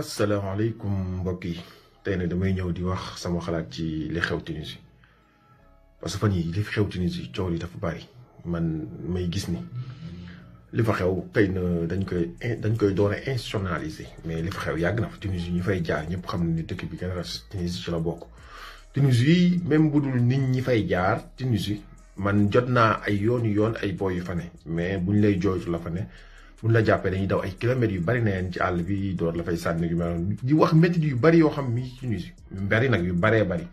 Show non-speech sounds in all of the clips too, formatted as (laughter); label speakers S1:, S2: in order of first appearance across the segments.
S1: asalaamaaleykum mbokk yi tey nag damay ñëw di wax sama xalaat ci li xew Tunisie parce que fan yi li fi xew Tunisie coow li dafa bari man may gis ni li fa xew xëy na dañ koy dañ koy doon a institutionnaliser mais li fa xew yàgg na fa Tunisie ñu fay jaar ñëpp xam ne dëkk bi gën a Tunisie ci la bokk. Tunisie même bu dul nit ñi fay jaar Tunisie man jot naa ay yoon yoon ay boy yu fa ne mais buñ lay jooytu la fa ne. fu la jàppee dañuy daw ay kilomètres yu bari neen ci àll bi door la fay sànni yu mel di wax métti yu bari yoo xam mi ci Tunisie yu bari nag yu baree bari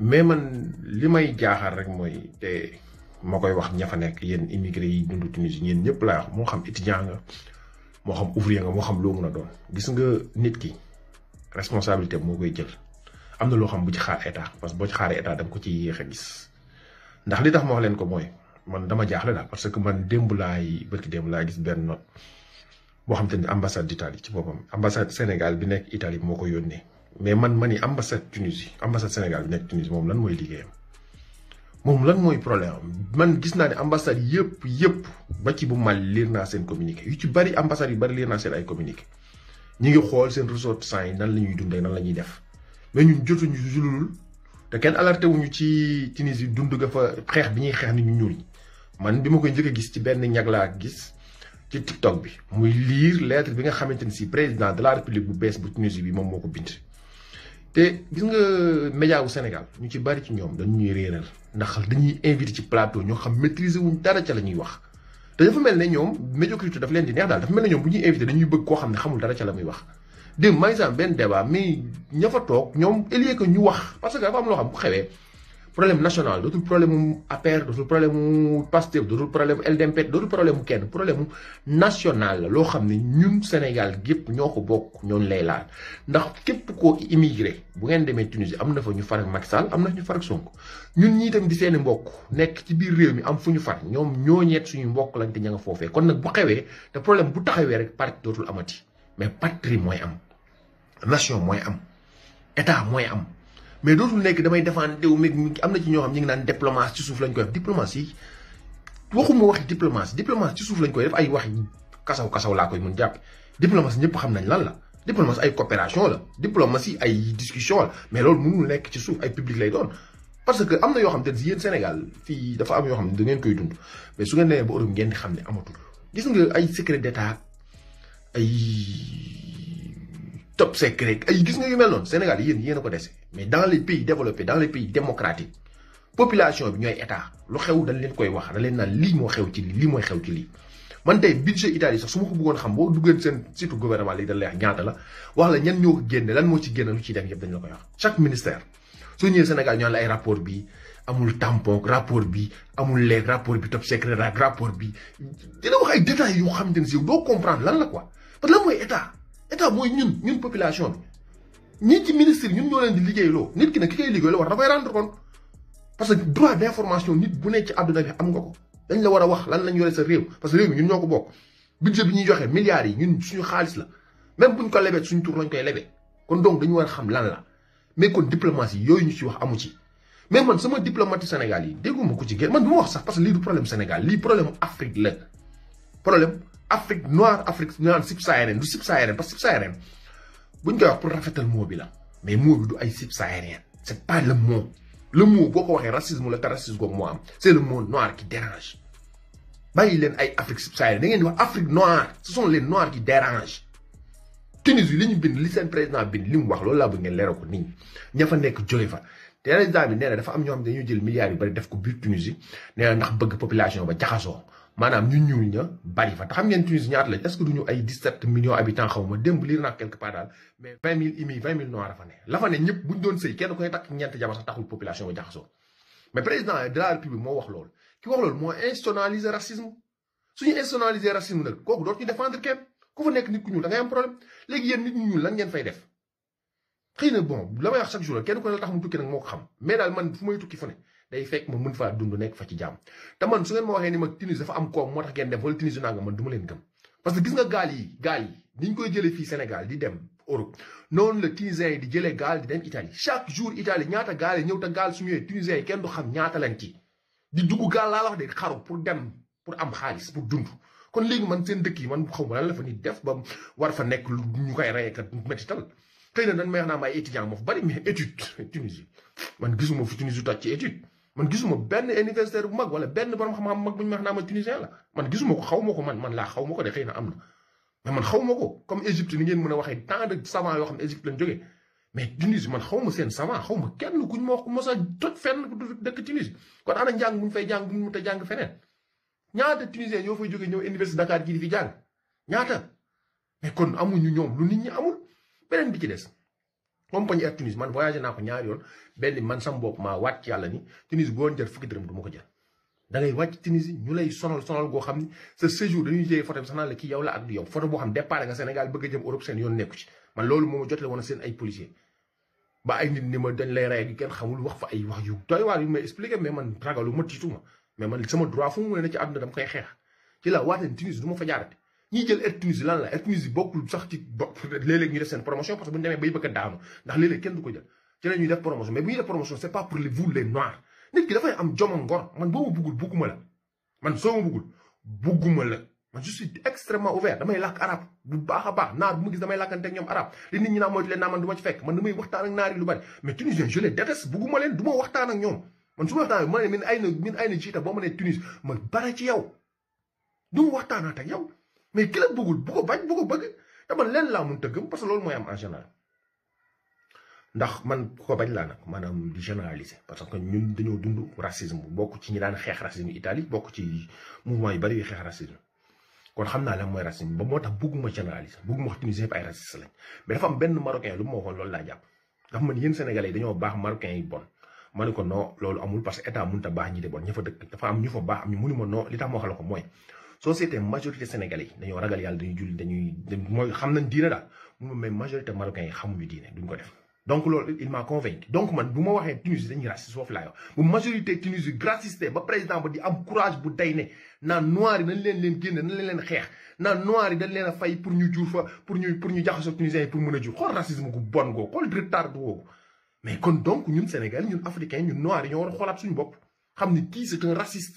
S1: mais man li may jaaxal rek mooy te ma koy wax ña fa nekk yéen immigré yi dund Tunisie ñeen ñëpp laa wax moo xam étudiant nga moo xam ouvrier nga moo xam loo mun a doon gis nga nit ki responsabilité moo koy jël am na loo xam bu ci xaar état parce que boo ci xaaree état da nga ko ci yéex a gis ndax li tax ma wax leen ko mooy man dama jaaxle daal parce que man démb laay bërki démb laay gis benn note boo xam te ni ambassade d'Italie ci boppam ambassade Sénégal bi nekk Italie moo ko yónnee mais man ma ni ambassade Tunisie ambassade Sénégal bi nekk Tunisie moom lan mooy liggéeyam moom lan mooy problème man gis naa ne ambassade yëpp yëpp ba ci bu Mali liir naa seen communiqué yu ci bari ambassade yu bari liir naa seen ay communiqué ñu ngi xool seen ressortissants yi nan la ñuy dundee nan la ñuy def mais ñun jotuñu julul te kenn alerté wuñu ci Tunisie dund ga xeex bi ñuy xeex ni ñu ñuul ñi man bi ma koy njëkk a gis ci benn ñag laa gis ci TikTok bi muy lire lettre bi nga xamante ni si président de la république bu bees bu Tunisie bi moom moo ko bind. te gis nga média wu Sénégal ñu ci bari ci ñoom dañu ñuy réeral ndax dañuy invité ci plateau ñoo xam maîtriser wuñ dara ca la ñuy wax. te dafa mel ne ñoom médiocrité daf leen di neex daal dafa mel ne ñoom bu ñuy invité dañuy bëgg koo xam ne xamul dara ca la muy wax. dégg nga benn débat mais ña fa toog ñoom au que ñu wax parce que dafa am loo xam bu xewee. problème national dootul problème mu APR dootul problème mu Pastef dootul problème mu LDMP dootul problème mu kenn problème mu loo xam ne ñun Sénégal gépp ñoo ko bokk ñoon lay laal ndax képp koo immigré bu ngeen demee Tunisie am na fa ñu far ak Macky Sall am na ñu far ak Sonko ñun ñii tamit di seeni mbokk nekk ci biir réew mi am fu ñu far ñoom ñoo ñeet suñu mbokk lañ te ña nga foofee kon nag bu xewee te problème bu taxawee rek parti dootul amati mais patrie mooy am nation mooy am état mooy am. mais dootul nek damay défendre ils ont ci ñoo xam naan diplomatie ci suuf lañ koy diplomatie waxuma diplomatie diplomatie ci suuf lañ koy def ay wax la koy mën japp diplomatie xam nañ lan la. diplomatie ay coopération la diplomatie ay discussion mais lool mënul nek ci suuf ay public lay doon parce que amna yo xam Sénégal fi dafa am yo xam mais su ngeen bu Europe ngeen xam amatul gis secret d'état top secret ay eh, gis nga yu mel non, Sénégal yéen yéen a ko dese mais dans les pays développés dans les pays démocratiques population bi ñoy état lu xew dañ leen koy wax dañ leen naan li mo xew ci li lii mooy xew ci li man tay budget Italie sax suma ko bëggoon xam boo duggee seen surtout gouvernement li dañ lay wax ñaata la wax la ñan ñoko ko lan mo ci génne lu ci dem yeb dañ la koy wax. chaque ministère soo ñëwee Sénégal ñoo la ay rapport bi amul tampon rapport bi amul leeg rapport bi top secret rapport bi dina wax ay détails yu xam ne si do comprendre lan la quoi parce que lan mooy état. état mooy ñun ñun population bi ñii ci ministre ñun ñoo leen di liggéeyloo nit ki nag ki koy liggéeyloo war dafay rendre compte parce que droit d'information nit bu nekk ci àdduna bi am nga ko dañ la war a wax lan lañ yore parce que ñoo ko bokk budget bi ñuy joxe yi ñun suñu xaalis la même buñ ko lebee suñu lañ koy lebee kon donc dañu war a xam lan la mais kon diplomatie yooyu ñu ci wax amu ci mais man sama diplomate Sénégal yi dégguma ko ci génn man du ma wax sax parce que lii du problème Sénégal lii problème Afrique la problème Afrique noire Afrique noire, saharienne, subsaharienne du subsaharienne parce que subsaharienne vous ñu koy wax pour mot mais mot du pas le mot le mot boo ko racisme le racisme le mot noir qui dérange il y ay Afrique subsaharienne saharienne, Afrique noire ce sont les noirs qui dérangent Tunisie président de wax manam ñu ñuul ña bari fa te xam ngeen Tunisie ñaat lañ est ce que duñu ay 17 millions habitants xawma ma démb lire naa quelque part dal mais 20 000 imi 20 000 noirs fa ne la fa ne ñëpp buñ doon sey kenn koy tak ñent jabar sax taxul population ba jaxasoo mais président de la république mo wax lool ki wax lool mo institutionnaliser racisme suñu institutionnaliser racisme nag kooku ci défendre kenn ku fa nekk nit ku ñuul da ngay am problème légui yeen nit ñu lan ngeen fay def xëy bon la may wax chaque jour kenn ko la tax mu tukki nak moo xam mais dal man fu may tukki fa ne day fekk ma mën faa dund nekk fa ci jàmm te man su ngeen ma waxee ni ma Tunisie dafa am koom moo tax ngeen dem wala que gis nga gaal yi gaal yi ni fii Sénégal di dem Europe noonu la Tunisiens di jëlee gaal di dem Italie chaque jour Italie ñaata gaal yi ñëw su ñëwee Tunisiens yi kenn du xam di dugg gaal laa wax de xaru pour dem pour am xaalis pour dund kon léegi man seen dëkk yi man xaw ma lan def ba war fa nekk ñu koy rey kat métital xëy na dañ may wax naa am ay étudiants moo fa man gisuma fu Tunisie toj ci étude man gisuma benn universitaire bu mag wala benn borom xam-xam mag bu ñu wax naa ma tunisien la man gisuma ko xaw ma ko man laa xaw ma ko de xëy na am na mais man xaw ma ko comme Égypte ni ngeen mën a waxee tant de savant yoo xam ne Égypte lañ ma seen savant xaw ma kenn ku ñu ma ko mos a toj fenn dëkk Tunisie kon ana njàng bu ñu fay jàng bu ñu mën a jàng feneen ñaata tunisien yoo fay jógee ñëw université Dakar gii di fi jàng ñaata mais kon amuñu ñoom lu nit ñi amul beneen bi ci des compagnie air Tunis man voyagé naa ko ñaari yoon benn man sam bopp maa wàcc yàlla ni Tunis boo jar fukki dërëm du ma ko jël da ngay wàcc Tunis ñu lay sonal sonal goo xam ni sa séjour dañuy jëyee photo bi sax naan la ak yow photo boo xam départ Sénégal bëgg a jëm Europe seen yoon nekku ci man loolu moo ma jotale woon seen ay policier ba ay nit ma dañ lay rey gi kenn xamul wax fa ay wax yu doy waar yu may expliqué mais man ragalu ma tiitu mais man sama droit fu mu ne na la waatee Tunis ma fa jaarate ñiy jël Air lan la Air Tunisie bokkul sax ci léeg-léeg ñu def seen promotion parce que bu ñu demee a daanu ndax def promotion bu ñuy def promotion c'est pas pour les vous les noirs nit ki dafay am jom ngor man boo ma buggul bugguma la man soo ma buggul bugguma la man je suis extrêmement ouvert damay làkk arab bu baax a baax naar bu ma gis damay làkkante ak ñoom arab li nit ñi naa moytu leen naa man du ma ci fekk man damay waxtaan ak naar yi lu bari mais tunisien je les ak ñoom man su ma na min ay na jiita boo ma ne Tunis ma bara ci yow du ma mais quest la bëggul bu ko bañ bu ko bëgg dama leen la parce que en général ndax man ko bañ la suis généraliser parce que ñun dañu dund racisme bokku ci ñi daan racisme Italie bokku ci mouvement yu bari yu racisme kon xamna que moy racisme ba motax bëgguma généraliser bëgguma wax tunisien ay raciste lañ mais dafa am marocain lu ma l'a dafa man yeen sénégalais dañu bax marocain yi bon ma non loolu amul parce que état a ñi de bon ñafa dëkk dafa am ñu fa am ñu mënu non li société majorité sénégalais dañu ragal yalla dañuy julli dañuy moy xam nañ diine daal mais majorité marocain yi xamuñu diine duñ ko def donc lool il m'a convaincu donc man buma waxé Tunisie dañuy raciste foofu la yor bu majorité Tunisie raciste ba président ba di am courage bu dayné ne noir yi nañ leen leen génne nañ leen leen xeex naan noir yi dañ leen fay pour ñu jur fa pour ñu pour ñu jaxasoo Tunisiens pour mëna a jur racisme gu bon go xool retard googu mais kon donc ñun Sénégal ñun africains ñun noir yi ñoo war xolat suñu bop xamni ni c'est un raciste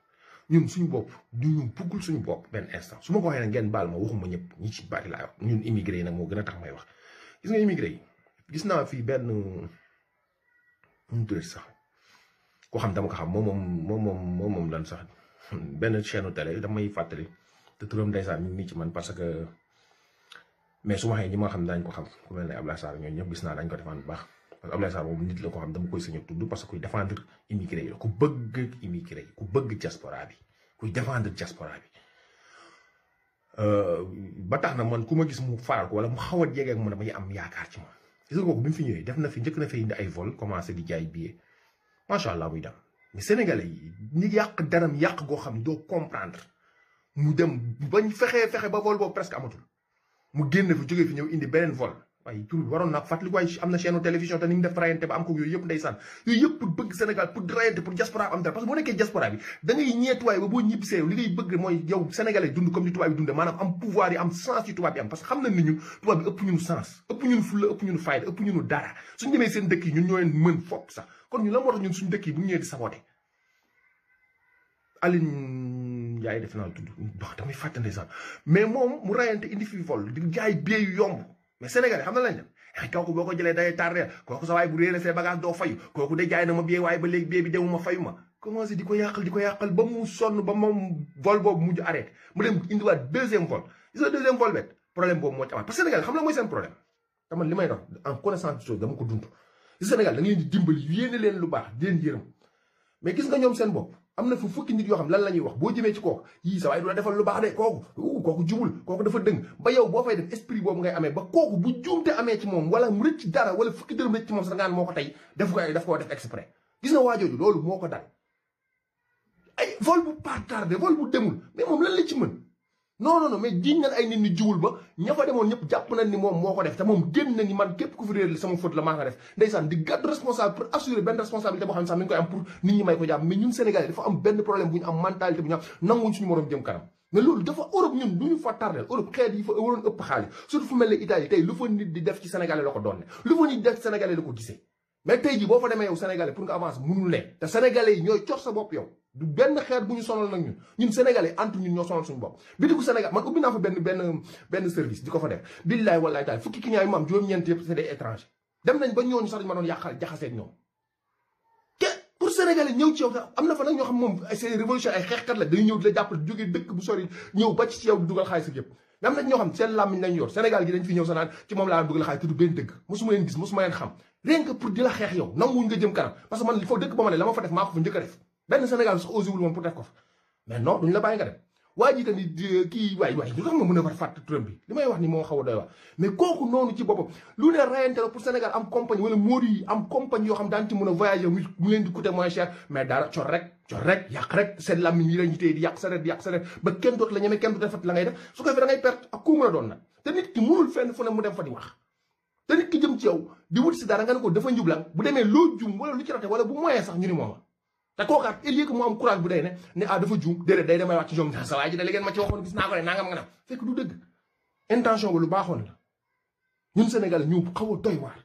S1: ñun suñu bop du ñu pugul suñu bop ben instant suma ko waxee nag ngeen bal ma waxuma ñëpp ñi ci bari la wax ñun immigré nak mo gëna tax may wax gis nga immigré gis na fi ben mu sax ko xam dama ko xam mom mom mom mom mom lan sax ben chaîne télé damay fatali te turam ndaysan mi ngi ci man parce que mais suma ma ñi ma xam dañ ko xam ku melni abdallah sar ñoo ñooñu gis na dañ ko defan bu baax. man Abdoulaye Sarr moom nit la ko xam dama koy sañ a tudd parce que kuy défendre immigré yi ku bëgg immigré yi ku bëgg diaspora bi kuy défendre diaspora bi euh, ba tax na man ku ma gis mu faral ko wala mu xaw a jege ak man damay am yaakaar ci moom gis nga kooku bi mu fi ñëwee def na fi njëkk na fi indi ay vol commencé di jaay billet macha allah muy dem mais sénégalais yi ni yàq daram yàq goo xam doo comprendre mu dem bañ fexee fexe ba vol boobu presque amatul mu génn fi jógee ñëw indi beneen vol. waaye tur waroon naa fàttali ko ay am na chaîne télévision te ni ñu def rayante ba am ko yooyu yëpp ndeysaan yooyu yëpp pour bëgg Sénégal pour rayante pour diaspora am dara ba li am pouvoir yi am sens yi tubaab yi am ñu la moo ñu ñëwee di saboté Aline def naa tudd wax damay fàtte ndeysaan mais moom mu rayante indi fi vol di jaay bee yu yomb mais Sénégal xam na lañ def kooku boo ko jëlee day tardé kooku sa waay bu réeré see bagage doo fayu kooku de jaay na ma bee waaye ba léegi bee bi demuma fayu ma commencé di ko yàqal di ko yàqal ba mu sonn ba moom vol boobu mujj arrêté mu dem indiwaat deuxième vol gis nga deuxième vol bet problème boobu moo ci amaat parce que Sénégal xam la mooy seen problème taman li may dox en connaissance de chose dama ko dund gis Sénégal da ngeen di dimbali yéene leen lu baax di leen yërëm mais gis nga ñoom seen bopp am na fa fukki nit yoo xam lan la ñuy wax boo jëmee ci kooku yii sa waaye du la defal lu baax de kooku kooku jubul kooku dafa dëng ba yow boo fay def esprit boobu ngay amee ba kooku bu juumte amee ci moom wala mu rëcc dara wala fukki dërëm rëcc ci moom sax ngaan moo ko tey def ko ay daf koo def exprès gis na waajooju loolu moo ko dal ay vol bu pas tardé vol bu demul mais moom lan la ci mën noonu non non mais jiñ nañ ay nit ni jiwul ba ña demoon ñëpp jàpp nañ ni moom moo ko def te moom génn na ku fi réer sama faute la maa ko def ndeysaan di gàddu responsable pour assurer benn responsabilité boo xam ne sax mi ngi koy am nit ñu am mentalité jëm kanam mais loolu dafa Europe ñun du ñu fa tardel Europe xeet yi fa ëpp xaalis surtout fu mel ne Italie tey lu fa nit di def ci Sénégalais la ko doon lu fa nit di def ci Sénégalais la ko gisee mais tey ji boo fa demee yow Sénégalais pour nga avance mënul ne te sa bopp yow du benn xeet bu ñu sonal nag ñun ñun sénégalais entre ñun ñoo sonal suñu bopp bitigu sénégal man ubbi naa fa benn benn benn service di ko fa def billaay wallaay taal fukki client yi maam ñeent yëpp c'est des étrangers dem nañ ba ñooñu sax dañu ma doon yàqal jaxaseeg ñoom ci bu sori ñëw ba ci yow dugal xaalis ak yëpp am na ñoo xam seen làmmiñ lañ yor sénégal gi dañ fi ñëw sa naan ci moom laa dugal xaalis te du benn dëgg mosuma leen gis mosuma leen xam rien pour di la xeex yow nanguwuñ nga jëm kanam parce man il dëkk ba ma ne la ma fa def maa fa njëkk def benn Sénégal sax osé wul woon pour def fa mais non duñ la bàyyi nga dem waa ji tamit eh, kii waay waay lu tax nga mën a war fàtt turam bi li may wax ni moo xaw a doy wax mais kooku noonu ci boppam lu ne rayante la pour Sénégal am compagnie wala Modou yi am compagnie yoo xam daan ci mën a voyager mu leen seen làmmiñ yi lañu téye di kenn dootu la ñeme kenn dootu defat la ngay def su ko fi a doon nag te nit ki fenn fu ne mu dem fa di wax te nit ki jëm ci yow di wut si dara nga ne ko dafa njublan bu demee loo jum wala lu ci rate wala bu moyen sax ñu ni mooma te kookaat il y que mu am courage bu day ne ne ah dafa juum déedéet day damay wax ci jom sa waay ji da la ñun Sénégal ñu xaw a doy waar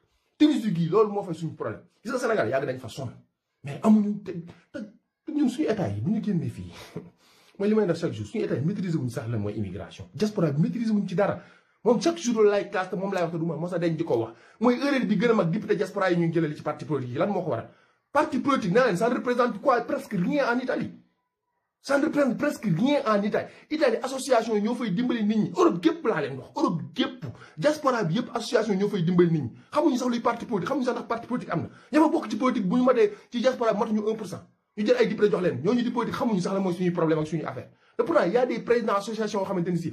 S1: loolu moo fay suñu problème gis nga Sénégal yàgg nañ fa sonn mais amuñu te te (laughs) sax la mooy wax te du ma mos a denc di ko wax mooy erreur bi gën a mag député yi ñuy jëlali ci parti politique yi lan moo ko waral parti politique nee leen ça représente presque rien en Italie ça association yi fay dimbali nit ñi Europe gépp laa leen Europe gépp diaspora bi association yi fay dimbali nit ñi xamuñu sax luy parti politique xamuñu sax ndax parti politique am na ña bokk ci politique bu ñu matee ci diaspora bi matuñu 1 pour cent ñu jël ay diplôme jox leen ñooñu di politique xamuñu sax la mooy suñuy problème ak suñuy affaire te pourtant y a des présidents association yoo xamante ni si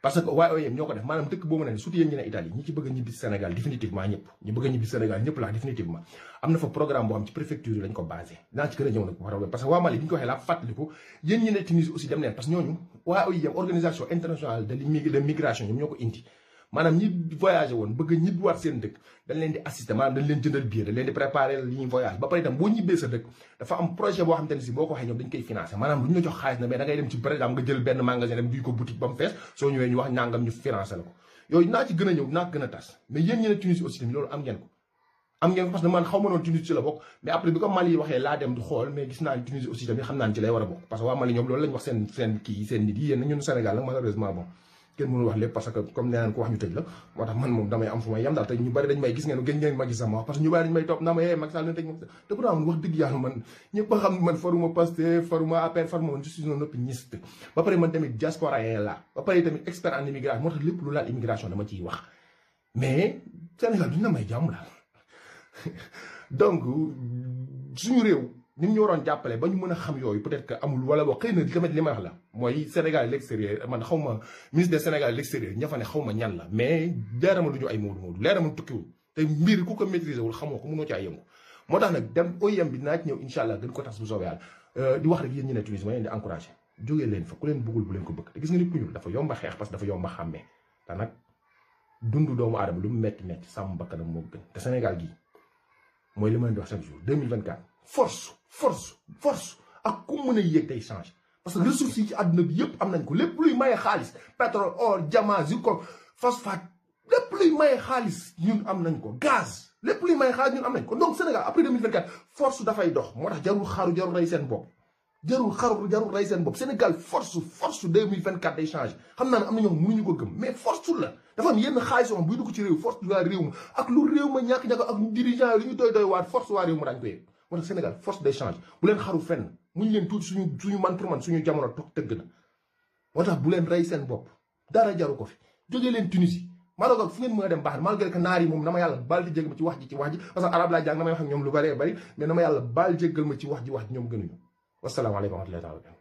S1: parce que waa OIM e ñoo ko def maanaam dëkk boo mën a ne surtout yéen ñi ci bëgg a ñibbi Sénégal définitivement am na fa programme boo xam ci préfecture yi ko basé naa ci gën a parce que waa Mali bi ñu ko waxee laa fàttaliku yéen ñi ne Tunisie aussi dem parce que ñooñu waa e organisation internationale de migration ñoom ñoo ko indi manam ñi voyager woon bëgg ñibbiwaat seen dëkk dañ leen di assister manam dañ leen jëndal biir dañ leen di préparer li ñuy voyage ba paré tam bo ñibé sa dëkk dafa am projet bo xam te ne si boo ko dañ koy financer manam lu la jox xaalis na mais da ngay dem ci par exemple nga jël benn magasin dem duy ko boutique bam fess so soo ñëwee ñu wax nangam ñu financer lako ko na ci gëna a ñëw naa gën a mais yeen ñi na Tunisie aussi tamit loolu am ngeen ko am ngeen ko parce que man xawma non Tunisie ci la bok mais après bi ko Mali waxee la dem du xol mais gis na Tunisie aussi tamit xam naa ci lay wara bok parce que wa Mali ñom lolu lañ wax seen seen ki seen nit yi yéen ñun Sénégal malheureusement bon kenn mënul wax lépp parce que comme nee naan ko wax ñu tëj la moo tax man moom damay am fu may yem daal te ñu bari dañ may gis ngeen gën ngeen ma wax parce que ñu bari dañ may topp naa ma man a xam man faruma tamit diasporaen la ba pare tamit expert en immigration moo tax lépp lu laal immigration dama ciy wax mais Sénégal duñ may jàmm daal (laughs) donc suñu réew ñun ñu waroon jàppale ba ñu mën a xam yooyu peut-être que amul wala boo xëy na tamit li ma wax la mooy Sénégal à l'extérieur man xaw ma ministre de Sénégal à l'extérieur ña fa ne xaw ma ñan la mais leerama lu ñu ay moodu moodu leerama tukkiwul ko maîtriser wul xamoo ko mënoo caa moo tax nag dem OIM bi naa ci ñëw incha allah gën ko tas bu soobee yàlla euh, di wax rek yéen ñi ne Tunis bu leen ko bëgg te gis nga nit ku ñuul dafa yomba xeex parce dund doomu aadama lu mu metti metti sàmm bakkanam moo gën te Sénégal gii mooy li ma leen di wax chaque jour force force force ak ku mën a yéeg day changé parce que ressources ci àdduna bi yëpp am nañ ko lépp luy maye xaalis pétrole or diamant zircon phosphate lépp luy maye xaalis ñun am nañ ko gaz lépp luy maye xaalis ñun am nañ ko donc Sénégal après 2024 force dafay dox moo tax jarul xaaru jarul rey seen bopp jarul xaru jarul rey seen bopp Sénégal force force 2024 day changé xam naa ne am na ñoo mënuñu ko gëm mais force la dafa am yenn xaalis ñu doy doy waat force waa réew wala Sénégal force d'échange bu leen xaru fenn muñ leen tuuti suñu suñu man pour man suñu jamono toog tëgg na moo tax bu leen rey seen bopp a jaru ko fi jógee leen Tunisie Maroc ak fu ngeen mën a dem baax malgré que naar yi moom na ma yàlla baal di jégal ma ci wax ji ci wax ji parce que arab laa jàng na may wax ak ñoom lu bëree bëri mais na ma yàlla baal jégal ma ci wax ji wax ji ñoom gënuñu wasalaamaaleykum wa rahmatulah